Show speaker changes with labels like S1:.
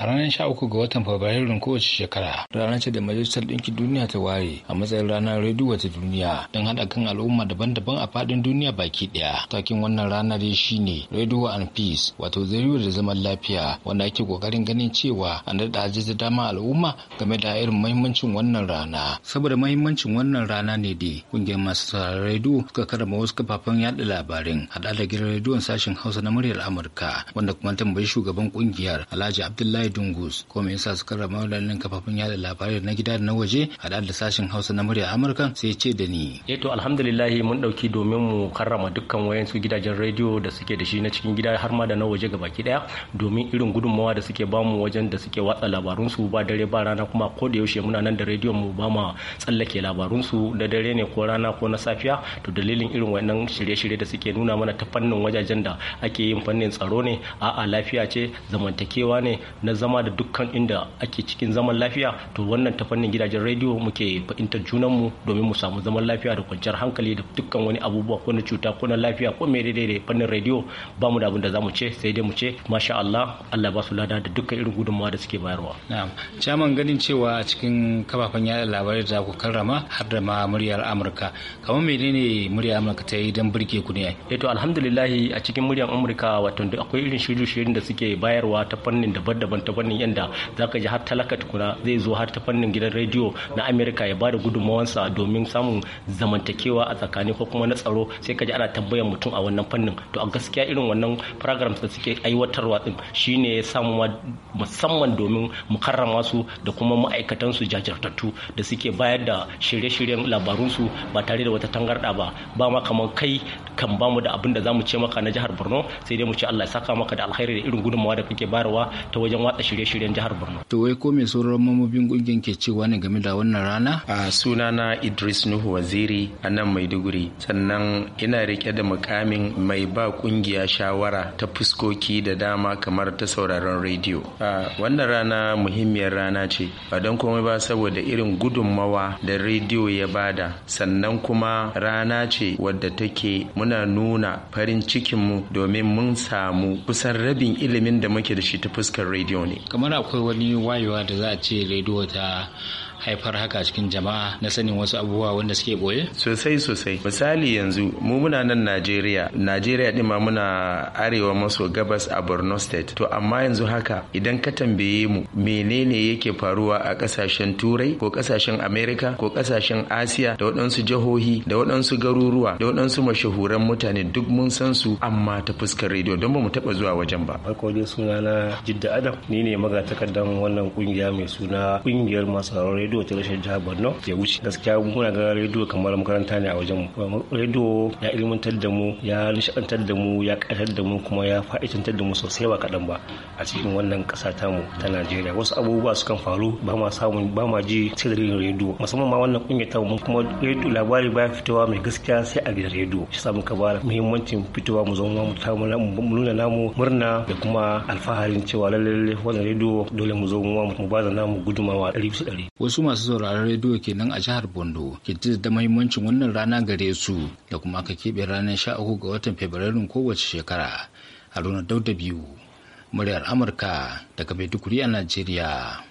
S1: a ranar 13 ga watan Fabrairun kowace shekara ranar ce da Majalisar Ɗinkin Duniya ta ware a matsayin ranar rediyo ta duniya don haɗa kan al'umma daban-daban a faɗin duniya baki ɗaya. Takin wannan ranar dai shine Radio and Peace wato zariyo da zaman lafiya wanda ake kokarin ganin cewa an daɗa ajiye dama al'umma game da irin mahimmancin wannan rana. Saboda mahimmancin wannan rana ne dai kungiyar masu sauraron rediyo suka karama wasu kafafen yaɗa labarin haɗa da gidan rediyon sashen Hausa na muryar Amurka wanda kuma tambayi shugaban kungiyar Alhaji Abdullahi mai dungus ko me yasa suka rama wadannan kafafun yada labarai na gida da na waje a da sashen hausa na murya amurka sai ce da ni
S2: eh to alhamdulillah mun ɗauki domin mu karrama dukkan wayansu gidajen rediyo da suke da shi na cikin gida har ma da na waje baki daya domin irin gudunmawa da suke bamu wajen da suke watsa labarun su ba dare ba rana kuma ko da yaushe muna nan da radio mu ba ma tsallake su da dare ne ko rana ko na safiya to dalilin irin wannan shirye-shirye da suke nuna mana ta fannin wajajen da ake yin fannin tsaro ne a'a lafiya ce zamantakewa ne na zama da dukkan inda ake cikin zaman lafiya to wannan ta fannin gidajen rediyo muke fahimtar junanmu domin mu samu zaman lafiya da kwanciyar hankali da dukkan wani abubuwa ko na cuta ko na lafiya ko mai daidai da fannin rediyo ba mu da abin da za mu ce sai dai mu ce masha Allah Allah ba su lada da dukkan irin
S1: gudunmawa da suke bayarwa. ganin cewa a cikin kafafen yada labarai da ku karrama har da ma muryar Amurka. Kamar menene muryar Amurka ta yi don burge ku ne? Eh to alhamdulillah
S2: a cikin muryar Amurka wato akwai irin shirye-shiryen da suke bayarwa ta fannin daban-daban ta fannin za zaka ji har talaka tukuna zai zo har ta fannin gidan rediyo na Amerika ya bada gudunmawansa domin samun zamantakewa a tsakani ko kuma na tsaro sai ka ji ana tambayar mutum a wannan fannin to a gaskiya irin wannan programs da suke aiwatarwa din shine ya samu musamman domin mu karrama su da kuma ma'aikatan su jajirtattu da suke bayar da shirye-shiryen labarun su ba tare da wata tangarda ba ba ma kamar kai kan ba mu da abin da zamu ce maka na jihar Borno sai dai mu ce Allah ya saka maka da alkhairi da irin gudunmawa da kake bayarwa ta wajen watsa watsa
S1: shirye-shiryen jihar Borno. To wai ko me sauran mamobin kungiyar ke cewa ne game da wannan rana?
S3: A sunana Idris Nuhu Waziri a nan Maiduguri sannan ina rike da mukamin mai ba kungiya shawara ta fuskoki da dama kamar ta sauraron rediyo. A wannan rana muhimmiyar rana ce ba don komai ba saboda irin gudunmawa da rediyo ya bada sannan kuma rana ce wadda take muna nuna farin cikinmu domin mun samu kusan rabin ilimin da muke da shi ta fuskar rediyo ne kamar akwai wani wayewa da za a ce rediyo ta haifar haka cikin jama'a na sanin wasu abubuwa wanda suke boye? Sosai sosai. Misali yanzu mu muna nan Najeriya. Najeriya din ma muna arewa maso gabas a Borno State. To amma yanzu haka idan ka tambaye mu menene yake faruwa a ƙasashen Turai ko ƙasashen Amerika ko ƙasashen Asiya da waɗansu jihohi da waɗansu garuruwa da waɗansu mashahuran mutane duk mun san su amma ta fuskar rediyo don ba mu taɓa zuwa wajen ba. Farko dai
S4: na Jidda Adam ni ne magatakardan wannan kungiya mai suna ƙungiyar masu rediyo ta rashin jihar borno ya wuce gaskiya muna ga rediyo kamar makaranta ne a wajen rediyo ya ilmantar da mu ya nishadantar da mu ya ƙatar da mu kuma ya fa'idantar da mu sosai ba kaɗan ba a cikin wannan ƙasa mu ta najeriya wasu abubuwa sukan faru ba ma samun ba ma ji sai dalilin rediyo musamman ma wannan ƙungiyar mu kuma rediyo labari baya fitowa mai gaskiya sai a gidan rediyo shi samu ka bara muhimmancin fitowa mu zama mu ta nuna namu murna da kuma alfaharin cewa lalle wannan rediyo dole mu zo mu ba da
S1: namu gudumawa 100%. su masu sauraron rediyo kenan a jihar Bondo ke da mahimmancin wannan rana gare su da kuma aka keɓe ranar sha uku ga watan Fabrairun kowace shekara. a Haruna Dauda biyu, muryar Amurka daga Maiduguri a Najeriya.